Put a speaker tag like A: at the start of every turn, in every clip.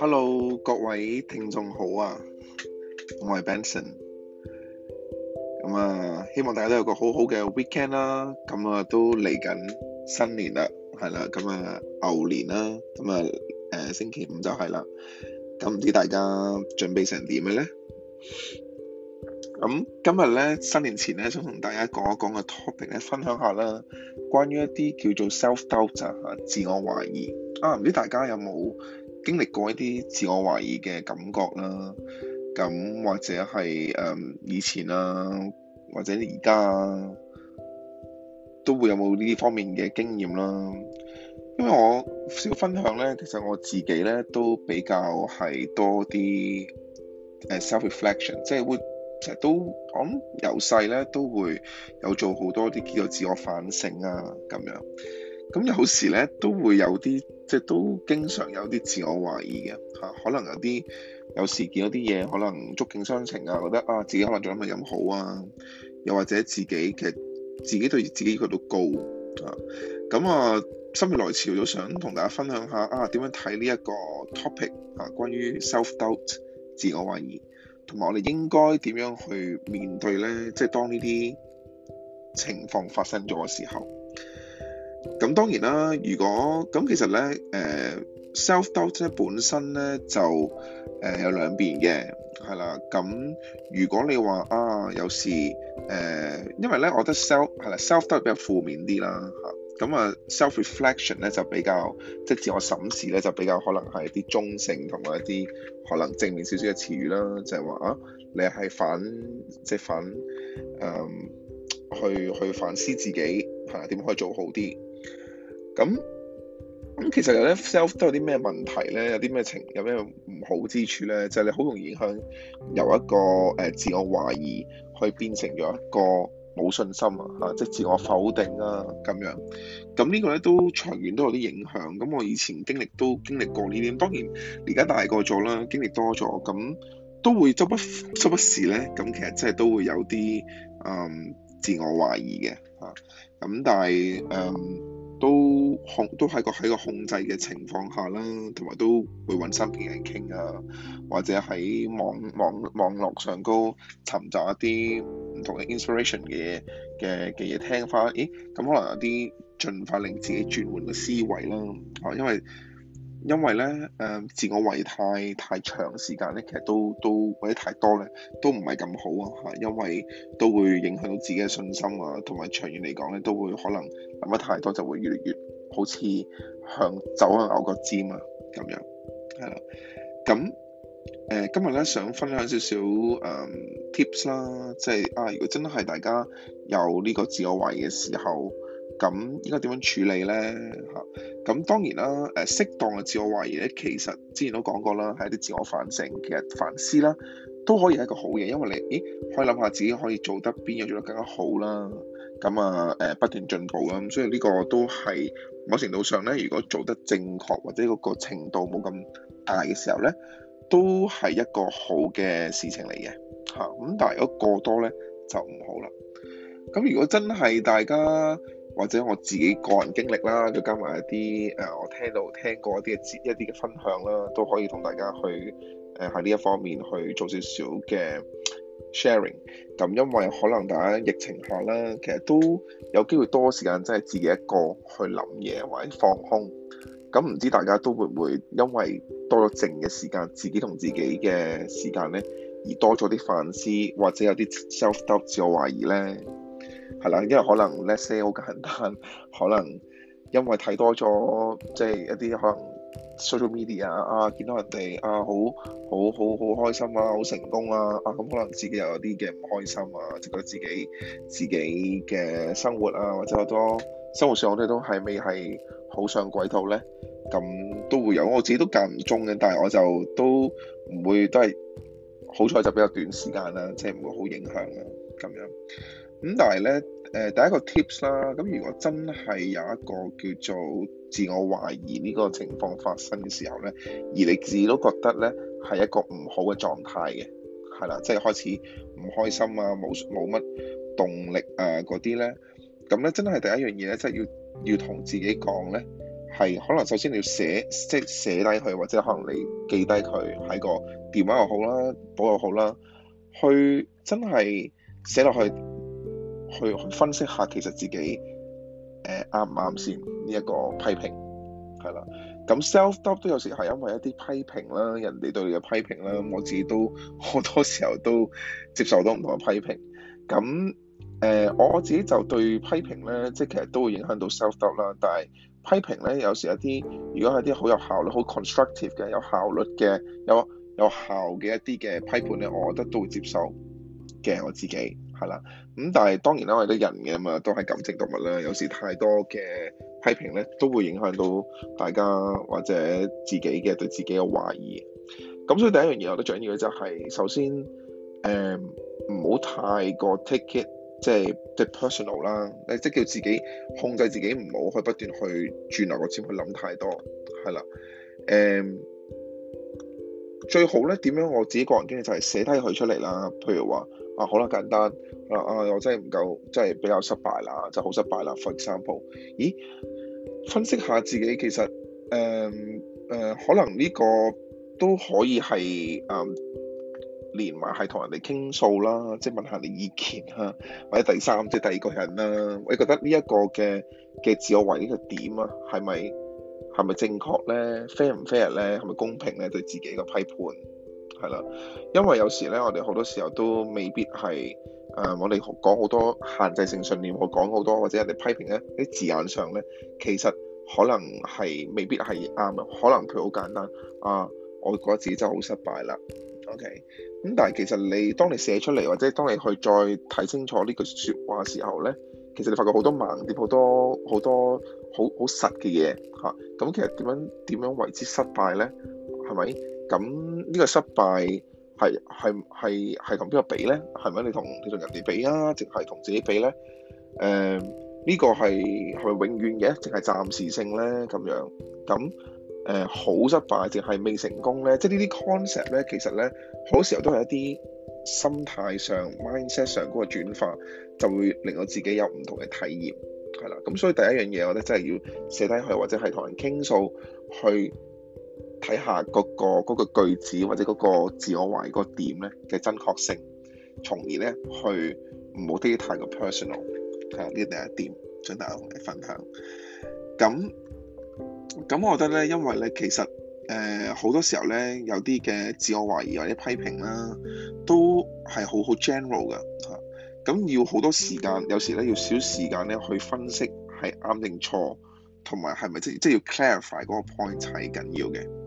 A: Hello，各位聽眾好啊！我係 Benson，咁啊、嗯，希望大家都有個好好嘅 weekend、啊嗯、啦。咁、嗯、啊，都嚟緊新年啦，係啦，咁啊牛年啦，咁啊誒星期五就係啦。咁、嗯、唔知大家準備成點嘅咧？咁、嗯、今日咧，新年前咧，想同大家講一講嘅 topic 咧，分享下啦，關於一啲叫做 self doubt 啊，oubt，自我懷疑啊，唔知大家有冇？經歷過一啲自我懷疑嘅感覺啦，咁或者係誒、嗯、以前啦、啊，或者而家、啊、都會有冇呢方面嘅經驗啦、啊。因為我少分享咧，其實我自己咧都比較係多啲誒 self reflection，即係會成日都我諗由細咧都會有做好多啲叫做自我反省啊咁樣。咁有時咧都會有啲，即係都經常有啲自我懷疑嘅嚇、啊，可能有啲有時見到啲嘢可能觸景傷情啊，覺得啊自己可能仲諗唔係咁好啊，又或者自己其實自己對自己要求都高啊，咁啊，心血來潮咗，想同大家分享下啊點樣睇呢一個 topic 啊，關於 self doubt 自我懷疑，同埋我哋應該點樣去面對呢？即係當呢啲情況發生咗嘅時候。咁當然啦，如果咁其實咧，誒、呃、self doubt 咧本身咧就誒、呃、有兩邊嘅，係啦。咁如果你話啊，有時誒、呃，因為咧，我覺得 self 係啦，self doubt 比較負面啲啦，嚇。咁啊，self reflection 咧就比較即自我審視咧，就比較可能係啲中性同埋一啲可能正面少少嘅詞語啦，就係、是、話啊，你係反即係反誒、呃、去去反思自己係啦點可以做好啲。咁咁、嗯嗯、其實咧，self 都有啲咩問題咧？有啲咩情有咩唔好之處咧？就係、是、你好容易影響由一個誒、呃、自我懷疑去變成咗一個冇信心啊，即係自我否定啊咁樣。咁、嗯這個、呢個咧都長遠都有啲影響。咁、嗯、我以前經歷都經歷過呢啲。當然而家大個咗啦，經歷多咗，咁、嗯、都會周不周不時咧。咁、嗯、其實真係都會有啲嗯自我懷疑嘅嚇。咁、啊嗯、但係誒。嗯都控都喺個喺個控制嘅情況下啦，同埋都會揾身邊嘅人傾啊，或者喺網網網絡上高尋找一啲唔同嘅 inspiration 嘅嘅嘅嘢聽翻，咦咁可能有啲盡快令自己轉換個思維啦，嚇，因為。因為咧，誒自我懷疑太太長時間咧，其實都都或者太多咧，都唔係咁好啊，嚇！因為都會影響到自己嘅信心啊，同埋長遠嚟講咧，都會可能諗得太多就會越嚟越好似向走向牛角尖啊咁樣，係啦。咁誒、呃，今日咧想分享少少誒、嗯、tips 啦，即、就、係、是、啊，如果真係大家有呢個自我懷疑嘅時候。咁應該點樣處理呢？嚇，咁當然啦，誒適當嘅自我懷疑咧，其實之前都講過啦，係一啲自我反省其實反思啦，都可以係一個好嘢，因為你，咦，可以諗下自己可以做得邊樣做得更加好啦。咁啊，誒不斷進步啦，咁所以呢個都係某程度上呢，如果做得正確或者嗰個程度冇咁大嘅時候呢，都係一個好嘅事情嚟嘅嚇。咁但係如果過多呢，就唔好啦。咁如果真係大家，或者我自己個人經歷啦，再加埋一啲誒、呃，我聽到聽過一啲嘅一啲嘅分享啦，都可以同大家去誒喺呢一方面去做少少嘅 sharing。咁、嗯、因為可能大家疫情下啦，其實都有機會多時間，即係自己一個去諗嘢或者放空。咁、嗯、唔知大家都會唔會因為多咗靜嘅時間，自己同自己嘅時間呢，而多咗啲反思，或者有啲 self doubt 自我懷疑呢？係啦，因為可能 let’s say 好簡單，可能因為睇多咗即係一啲可能 social media 啊，見到人哋啊好好好好開心啊，好成功啊，啊咁可能自己又有啲嘅唔開心啊，就覺得自己自己嘅生活啊或者好多生活上我哋都係未係好上軌道咧，咁都會有，我自己都間唔中嘅，但係我就都唔會都係好彩就比較短時間啦，啊，即係唔會好影響啊咁樣。咁但係咧，誒、呃、第一個 tips 啦。咁如果真係有一個叫做自我懷疑呢個情況發生嘅時候咧，而你自己都覺得咧係一個唔好嘅狀態嘅，係啦，即、就、係、是、開始唔開心啊，冇冇乜動力啊，嗰啲咧，咁咧真係第一樣嘢咧，即係要要同自己講咧，係可能首先你要寫，即係寫低佢，或者可能你記低佢喺個電話又好啦，簿又好啦，去真係寫落去。去分析下其實自己誒啱唔啱先呢一個批評，係啦。咁 self doubt 都有時係因為一啲批評啦，人哋對你嘅批評啦，我自己都好多時候都接受到唔同嘅批評。咁誒、呃、我自己就對批評咧，即係其實都會影響到 self doubt 啦。但係批評咧有時有一啲，如果係啲好有效率、好 constructive 嘅有效率嘅有有效嘅一啲嘅批判咧，我覺得都會接受嘅，我自己係啦。咁、嗯、但係當然啦，我哋啲人嘅嘛，都係感情動物啦。有時太多嘅批評咧，都會影響到大家或者自己嘅對自己嘅懷疑。咁所以第一樣嘢、就是，我覺得重要嘅就係首先，誒唔好太過 take it 即係 it personal 啦，誒、就、即、是、叫自己控制自己，唔好去不斷去鑽牛角尖，去諗太多，係啦。誒、嗯、最好咧點樣？我自己個人經歷就係、是、寫低佢出嚟啦。譬如話。啊，好啦，簡單。嗱，啊，我真係唔夠，真係比較失敗啦，就好失敗啦。For example，咦，分析下自己，其實誒誒、呃呃，可能呢個都可以係誒、呃、連埋係同人哋傾訴啦，即係問，問下你意見吓，或者第三即係第二個人啦、啊。你覺得呢一個嘅嘅自我毀呢個點啊，係咪係咪正確咧？Fair 唔 fair 咧？係咪公平咧？對自己嘅批判？係啦，因為有時咧，我哋好多時候都未必係誒、呃，我哋講好多限制性信念，我講好多，或者人哋批評咧，啲字眼上咧，其實可能係未必係啱，可能佢好簡單啊，我覺得自己真係好失敗啦。OK，咁、嗯、但係其實你當你寫出嚟，或者當你去再睇清楚呢句説話時候咧，其實你發覺好多盲點，好多好多好好實嘅嘢嚇。咁、啊嗯、其實點樣點樣為之失敗咧？係咪？咁呢個失敗係係係係同邊個比呢？係咪你同你同人哋比啊？定係同自己比呢？誒、呃、呢、呢個係係咪永遠嘅？定係暫時性呢？咁樣咁誒好失敗定係未成功呢？即係呢啲 concept 呢，其實呢，好多時候都係一啲心態上 mindset 上嗰個轉化，就會令到自己有唔同嘅體驗係啦。咁所以第一樣嘢，我覺得真係要寫低去，或者係同人傾訴去。睇下嗰個嗰個句子或者嗰個自我懷疑嗰點咧嘅真確性，從而咧去唔好啲太過 personal 嚇。呢啲第一點，想大家同你分享。咁咁，我覺得咧，因為咧，其實誒好多時候咧，有啲嘅自我懷疑或者批評啦，都係好好 general 嘅嚇。咁要好多時間，有時咧要少時間咧去分析係啱定錯，同埋係咪即即係要 clarify 嗰個 point 係緊要嘅。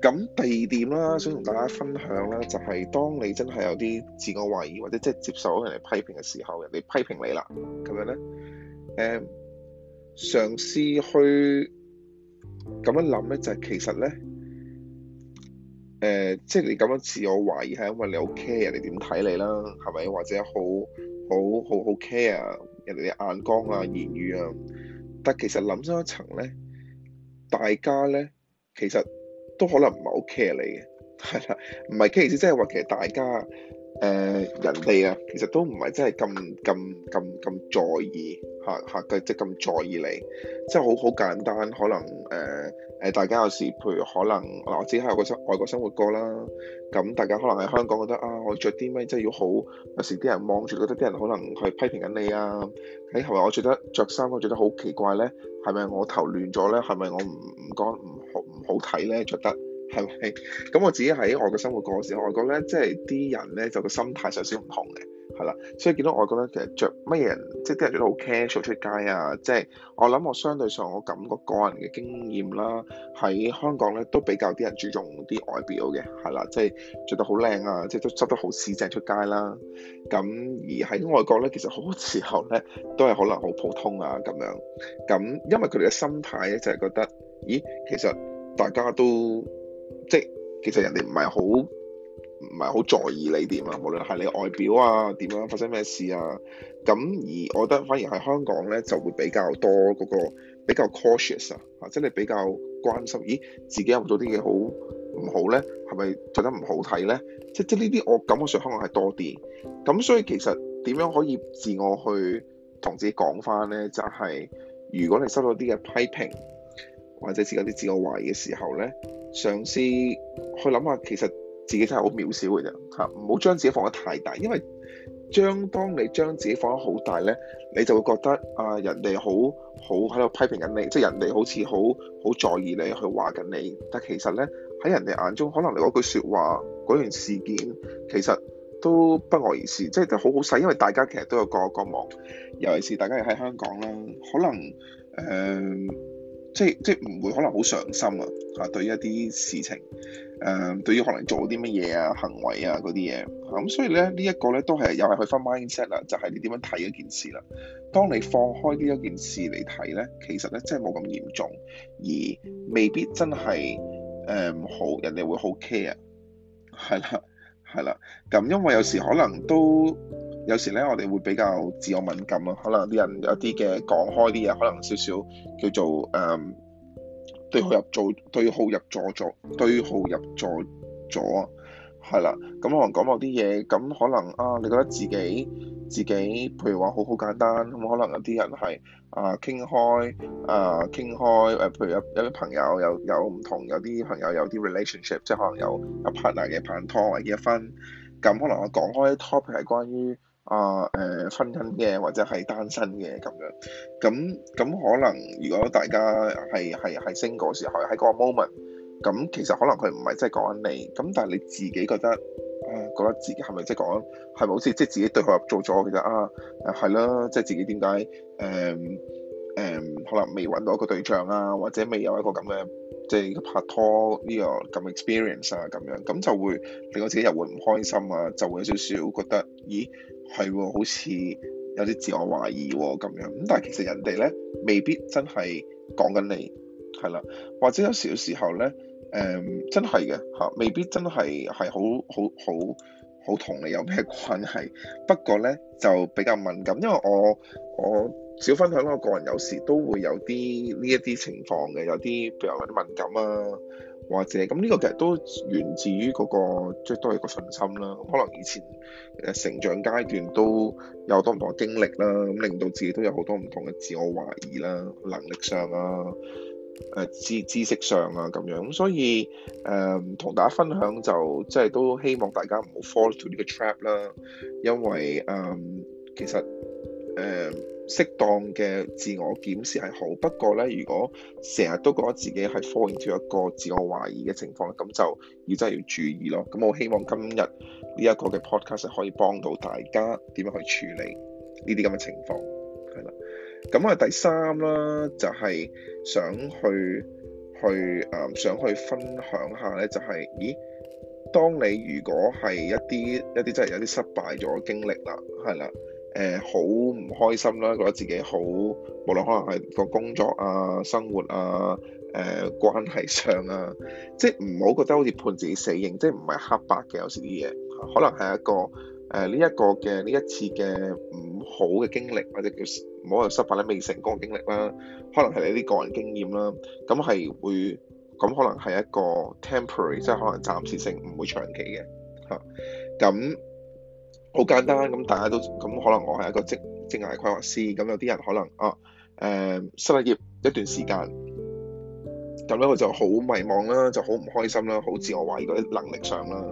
A: 咁第二點啦，想同大家分享啦，就係當你真係有啲自我懷疑，或者即係接受人哋批評嘅時候，人哋批評你啦，咁樣咧，誒、呃，嘗試去咁樣諗咧、呃，就係其實咧，誒，即係你咁樣自我懷疑係因為你好 care 人哋點睇你啦，係咪？或者好好好好 care 啊人哋嘅眼光啊，言語啊，但其實諗深一層咧，大家咧其實。都可能唔係好 care 你嘅，係啦，唔係 care 即係話其實大家誒、呃、人哋啊，其實都唔係真係咁咁咁咁在意嚇嚇即係咁在意你，即係好好簡單，可能誒誒、呃、大家有時譬如可能我自己喺外國生活過啦，咁大家可能喺香港覺得啊，我着啲咩真係要好，有時啲人望住覺得啲人可能係批評緊你啊，喺係咪我着得著衫我著得好奇怪咧？係咪我頭亂咗咧？係咪我唔唔幹唔好唔好睇咧著得？係咪？咁我自己喺外國生活過時候，外國咧即係啲人咧就個心態有少少唔同嘅。係啦，所以見到外國咧，其實着乜嘢，人，即啲人著得好 casual 出街啊，即係我諗，我相對上我感覺個人嘅經驗啦，喺香港咧都比較啲人注重啲外表嘅，係啦，即係着得好靚啊，即係都執得好四正出街啦。咁而喺外國咧，其實好多時候咧都係可能好普通啊咁樣。咁因為佢哋嘅心態咧就係覺得，咦，其實大家都即係其實人哋唔係好。唔係好在意你點啊，無論係你外表啊點樣，發生咩事啊，咁而我覺得反而喺香港呢，就會比較多嗰個比較 cautious 啊，或者你比較關心，咦自己有做啲嘢好唔好呢？係咪做得唔好睇呢？即即呢啲我感覺上香港係多啲，咁所以其實點樣可以自我去同自己講翻呢？就係如果你收到啲嘅批評，或者自己啲自我懷疑嘅時候呢，嘗試去諗下其實。自己真係好渺小嘅啫。嚇，唔好將自己放得太大，因為將當你將自己放得好大呢，你就會覺得啊，人哋好好喺度批評緊你，即係人哋好似好好在意你去話緊你，但其實呢，喺人哋眼中，可能你嗰句説話、嗰件事件其實都不外如是，即係都好好細，因為大家其實都有各個個忙，尤其是大家喺香港啦，可能誒。呃即係即係唔會可能好上心啊！啊，對於一啲事情，誒、呃，對於可能做啲乜嘢啊、行為啊嗰啲嘢，咁所以咧呢一、這個咧都係又係去翻 mindset 啦，就係、是、你點樣睇一件事啦。當你放開呢一件事嚟睇咧，其實咧真係冇咁嚴重，而未必真係誒、呃、好，人哋會好 care，係啦係啦。咁因為有時可能都。有時咧，我哋會比較自我敏感咯。可能啲人有啲嘅講開啲嘢，可能少少叫做誒對號入座，對號入座座，對號入座咗。啊、嗯，係啦。咁、嗯、可能講落啲嘢，咁可能啊，你覺得自己自己，譬如話好好簡單，咁可能有啲人係啊傾開啊傾開誒，譬如有有啲朋友有有唔同，有啲朋友有啲 relationship，即係可能有 partner 嘅拍緊拖或者結婚。咁可能我講開啲 topic 係關於。啊，誒、uh, uh, 婚姻嘅或者係單身嘅咁樣，咁咁可能如果大家係係係 single 嗰時候喺嗰個 moment，咁其實可能佢唔係真係講緊你，咁但係你自己覺得，誒、啊、覺得自己係咪即係講，係咪好似即係自己對佢做咗其實啊，係咯，即、就、係、是、自己點解誒誒可能未搵到一個對象啊，或者未有一個咁嘅即係拍拖呢個咁 experience 啊咁樣，咁就會令我自己又會唔開心啊，就會有少少覺得，咦？係喎，好似有啲自我懷疑喎、哦、咁樣。咁但係其實人哋咧未必真係講緊你係啦，或者有時時候咧誒、嗯、真係嘅嚇，未必真係係好好好好同你有咩關係。不過咧就比較敏感，因為我我少分享，我個人有時都會有啲呢一啲情況嘅，有啲譬如有啲敏感啊。或者咁呢、這個其實都源自於嗰、那個即係都係個信心啦。可能以前誒成長階段都有多唔同嘅經歷啦，咁令到自己都有好多唔同嘅自我懷疑啦、能力上啊、誒知知識上啊咁樣。咁所以誒同、嗯、大家分享就即係都希望大家唔好 fall into 呢個 trap 啦，因為誒、嗯、其實。誒，適、嗯、當嘅自我檢視係好，不過呢，如果成日都覺得自己係 fall into 一個自我懷疑嘅情況，咁就要真係要注意咯。咁我希望今日呢一個嘅 podcast 可以幫到大家點樣去處理呢啲咁嘅情況，係啦。咁啊，第三啦，就係、是、想去去誒、呃，想去分享下呢、就是，就係咦，當你如果係一啲一啲真係有啲失敗咗嘅經歷啦，係啦。誒好唔開心啦，覺得自己好，無論可能係個工作啊、生活啊、誒、呃、關係上啊，即係唔好覺得好似判自己死刑，即係唔係黑白嘅。有時啲嘢可能係一個誒呢、呃、一,一個嘅呢一,一次嘅唔好嘅經歷，或者叫唔好嘅失敗咧，未成功嘅經歷啦，可能係你啲個人經驗啦，咁係會咁可能係一個 temporary，即係可能暫時性，唔會長期嘅嚇咁。嗯好簡單咁，大家都咁可能我係一個職職涯規劃師，咁有啲人可能啊誒、呃、失咗業一段時間，咁咧佢就好迷茫啦，就好唔開心啦，好自我懷疑嗰啲能力上啦。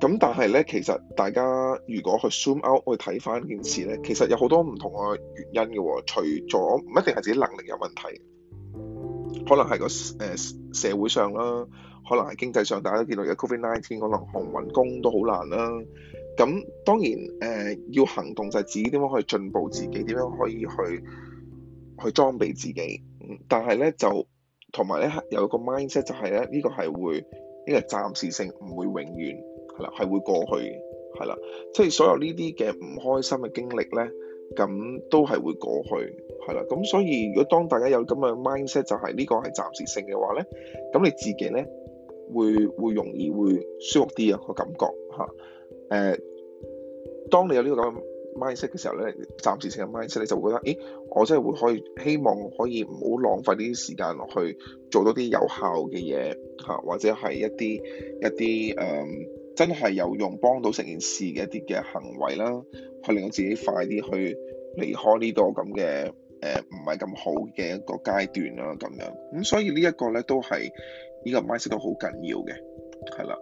A: 咁但係咧，其實大家如果去 zoom out 去睇翻件事咧，其實有好多唔同嘅原因嘅喎，除咗唔一定係自己能力有問題，可能係個誒、呃、社會上啦，可能係經濟上，大家見到嘅 COVID-19，可能航運工都好難啦。咁當然誒、呃、要行動就係自己點樣可以進步自己，點樣可以去去裝備自己。嗯、但係咧就同埋咧有一個 mindset 就係咧呢、呢個係會呢、呢個係暫時性，唔會永遠係啦，係會過去係啦。即係所，所有呢啲嘅唔開心嘅經歷咧，咁都係會過去係啦。咁所以如果當大家有咁嘅 mindset 就係呢個係暫時性嘅話咧，咁你自己咧會會容易會舒服啲啊個感覺嚇誒。當你有呢個咁嘅 mindset 嘅時候咧，暫時性嘅 mindset 你就會覺得，咦，我真係會可以希望可以唔好浪費呢啲時間落去做多啲有效嘅嘢嚇，或者係一啲一啲誒、嗯、真係有用幫到成件事嘅一啲嘅行為啦，去令到自己快啲去離開呢個咁嘅誒唔係咁好嘅一個階段啦咁樣。咁、嗯、所以呢一個咧都係呢個 mindset 都好緊要嘅，係啦。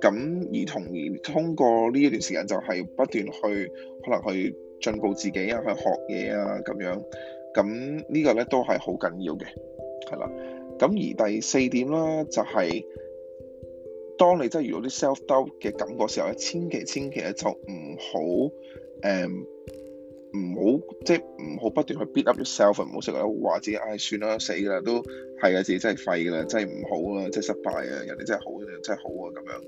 A: 咁而同而通過呢一段時間就係不斷去可能去進步自己啊，去學嘢啊咁樣，咁呢個咧都係好緊要嘅，係啦。咁而第四點啦、就是，就係當你真係遇到啲 self doubt 嘅感覺時候咧，千祈千祈就唔好誒。嗯唔好即係唔好不斷去 beat up yourself，唔好成日話自己，唉、哎、算啦死㗎啦，都係啊自己真係廢㗎啦，真係唔好啊，真係失敗啊，人哋真係好啊，人哋真係好啊咁樣。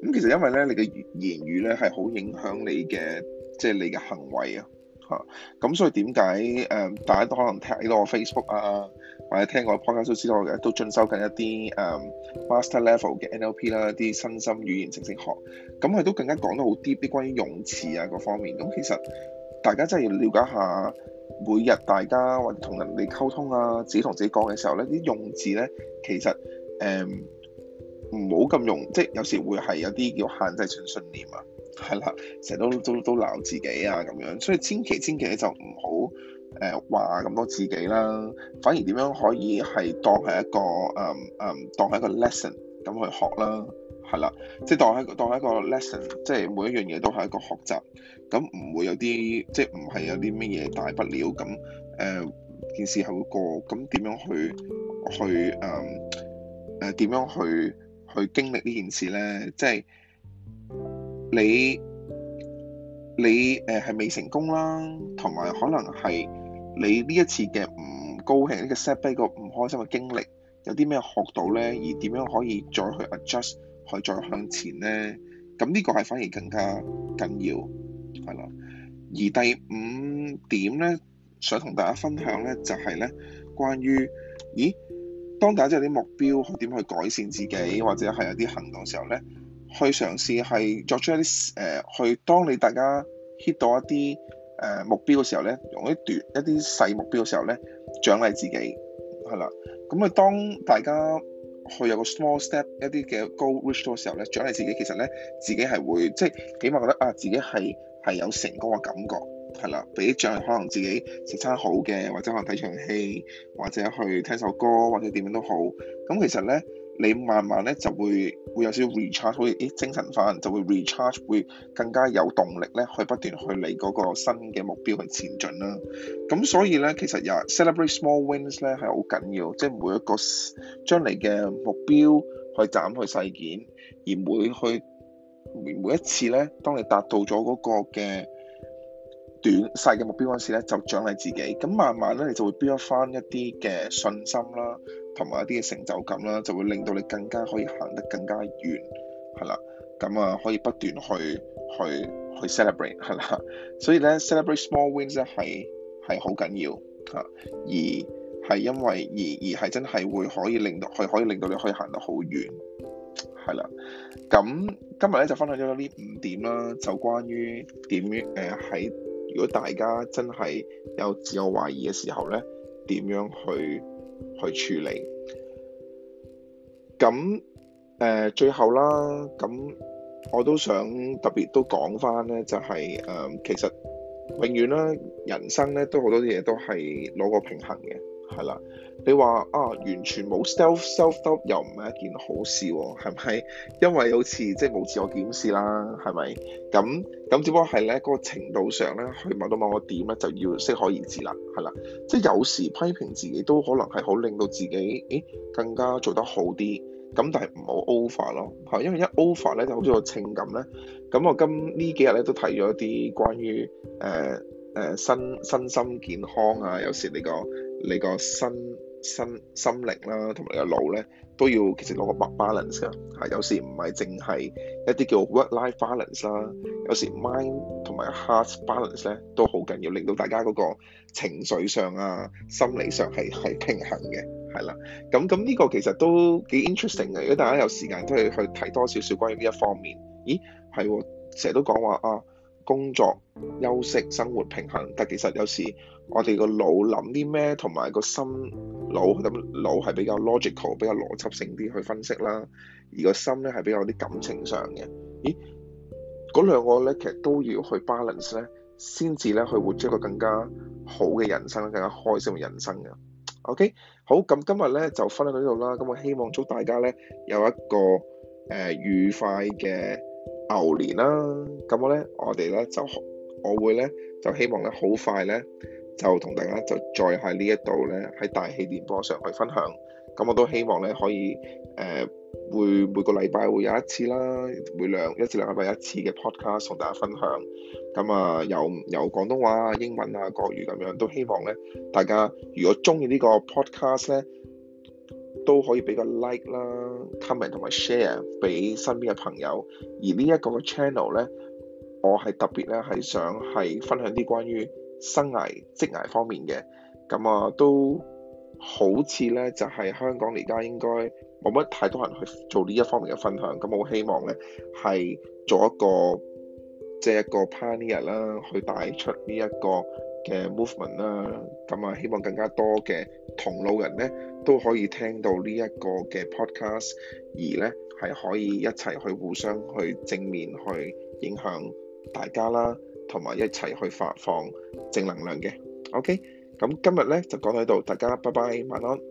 A: 咁、嗯、其實因為咧，你嘅言語咧係好影響你嘅即係你嘅行為啊，嚇。咁所以點解誒大家都可能睇到我 Facebook 啊，或者聽我 Podcast 都知道嘅，都進修緊一啲、嗯、master level 嘅 NLP 啦，一啲身心語言程式學。咁、嗯、佢都更加講得好 deep 啲關於用詞啊各方面。咁、嗯、其實。大家真係要了解下，每日大家或者同人哋溝通啊，自己同自己講嘅時候咧，啲用字咧，其實誒唔好咁用，即係有時會係有啲叫限制性信念啊，係啦，成日都都都鬧自己啊咁樣，所以千祈千祈咧就唔好誒話咁多自己啦，反而點樣可以係當係一個誒誒、嗯嗯、當係一個 lesson 咁去學啦。係啦，即係當係一個一個 lesson，即係每一樣嘢都係一個學習。咁唔會有啲即係唔係有啲咩嘢大不了咁誒，件、呃、事係會過咁點樣去去誒誒點樣去去經歷呢件事咧？即係你你誒係未成功啦，同埋可能係你呢一次嘅唔高興，呢、這個 setback 個唔開心嘅經歷有啲咩學到咧？而點樣可以再去 adjust？佢再向前咧，咁呢個係反而更加緊要，係啦。而第五點咧，想同大家分享咧，就係、是、咧，關於咦，當大家有啲目標點去改善自己或者係有啲行動嘅時候咧，去嘗試係作出一啲誒、呃，去當你大家 hit 到一啲誒目標嘅時候咧，用一段一啲細目標嘅時候咧，獎勵自己，係啦。咁、嗯、啊，當大家。去有個 small step，一啲嘅高 o a l r e c h 嘅時候咧，獎勵自己，其實咧，自己係會即係起碼覺得啊，自己係係有成功嘅感覺，係啦，俾獎勵可能自己食餐好嘅，或者可能睇場戲，或者去聽首歌，或者點樣都好，咁其實咧。你慢慢咧就會會有少少 recharge，精神翻，就會，會 recharge，會，會，re 會更加有動力咧，去不斷去嚟嗰個新嘅目標去前進啦。咁所以咧，其實又 celebrate small wins 咧係好緊要，即係每一個將嚟嘅目標去斬去細件，而每去每一次咧，當你達到咗嗰個嘅短細嘅目標嗰時咧，就獎勵自己。咁慢慢咧，你就會 build 翻一啲嘅信心啦。同埋一啲嘅成就感啦，就會令到你更加可以行得更加遠，係啦。咁啊，可以不斷去去去 celebrate 係啦。所以咧，celebrate small wins 咧係係好緊要嚇，而係因為而而係真係會可以令到可可以令到你可以行得好遠，係啦。咁今日咧就分享咗呢五點啦，就關於點樣誒喺如果大家真係有自我懷疑嘅時候咧，點樣去去處理，咁誒、呃，最後啦，咁我都想特別都講翻咧，就係、是、誒、呃，其實永遠啦，人生咧都好多嘢都係攞個平衡嘅。係啦，你話啊，完全冇 self self doubt 又唔係一件好事喎、哦，係咪？因為好似即係冇自我檢視啦，係咪？咁咁只不過係咧，個程度上咧，去某到某個點咧，就要適可而止啦。係啦，即係有時批評自己都可能係好令到自己，誒，更加做得好啲。咁但係唔好 over 咯，係因為一 over 咧就好似個情感咧。咁我今呢幾日咧都睇咗一啲關於誒誒、呃呃、身身心健康啊，有時嚟講。你個身身心靈啦、啊，同埋個腦咧，都要其實攞個 balance 㗎吓。有時唔係淨係一啲叫 work-life balance 啦、啊，有時 mind 同埋 heart balance 咧都好緊要，令到大家嗰個情緒上啊、心理上係係平衡嘅，係啦。咁咁呢個其實都幾 interesting 嘅。如果大家有時間都去去睇多少少關於呢一方面，咦係喎，成日都講話啊～工作、休息、生活平衡，但其實有時我哋個腦諗啲咩，同埋個心腦咁腦係比較 logical，比較邏輯性啲去分析啦，而個心咧係比較啲感情上嘅。咦，嗰兩個咧其實都要去 balance 咧，先至咧去活出一個更加好嘅人生，更加開心嘅人生嘅。OK，好，咁今日咧就分享到呢度啦。咁我希望祝大家咧有一個誒、呃、愉快嘅～牛年啦，咁我咧，我哋咧就，我會咧就希望咧好快咧就同大家就再喺呢一度咧喺大氣電波上去分享。咁我都希望咧可以誒、呃、會每個禮拜會有一次啦，每兩一至兩禮拜一次嘅 podcast 同大家分享。咁啊，有有廣東話啊、英文啊、國語咁樣，都希望咧大家如果中意呢個 podcast 咧，都可以俾個 like 啦、comment 同埋 share 俾身邊嘅朋友，而呢一個嘅 channel 呢，我係特別咧係想係分享啲關於生涯職涯方面嘅，咁啊都好似呢，就係、是、香港而家應該冇乜太多人去做呢一方面嘅分享，咁我希望呢，係做一個即係、就是、一個 pioneer 啦，去帶出呢、這、一個。嘅 movement 啦、啊，咁啊希望更加多嘅同路人咧都可以聽到呢一個嘅 podcast，而咧係可以一齊去互相去正面去影響大家啦，同埋一齊去發放正能量嘅。OK，咁今日咧就講到呢度，大家拜拜，晚安。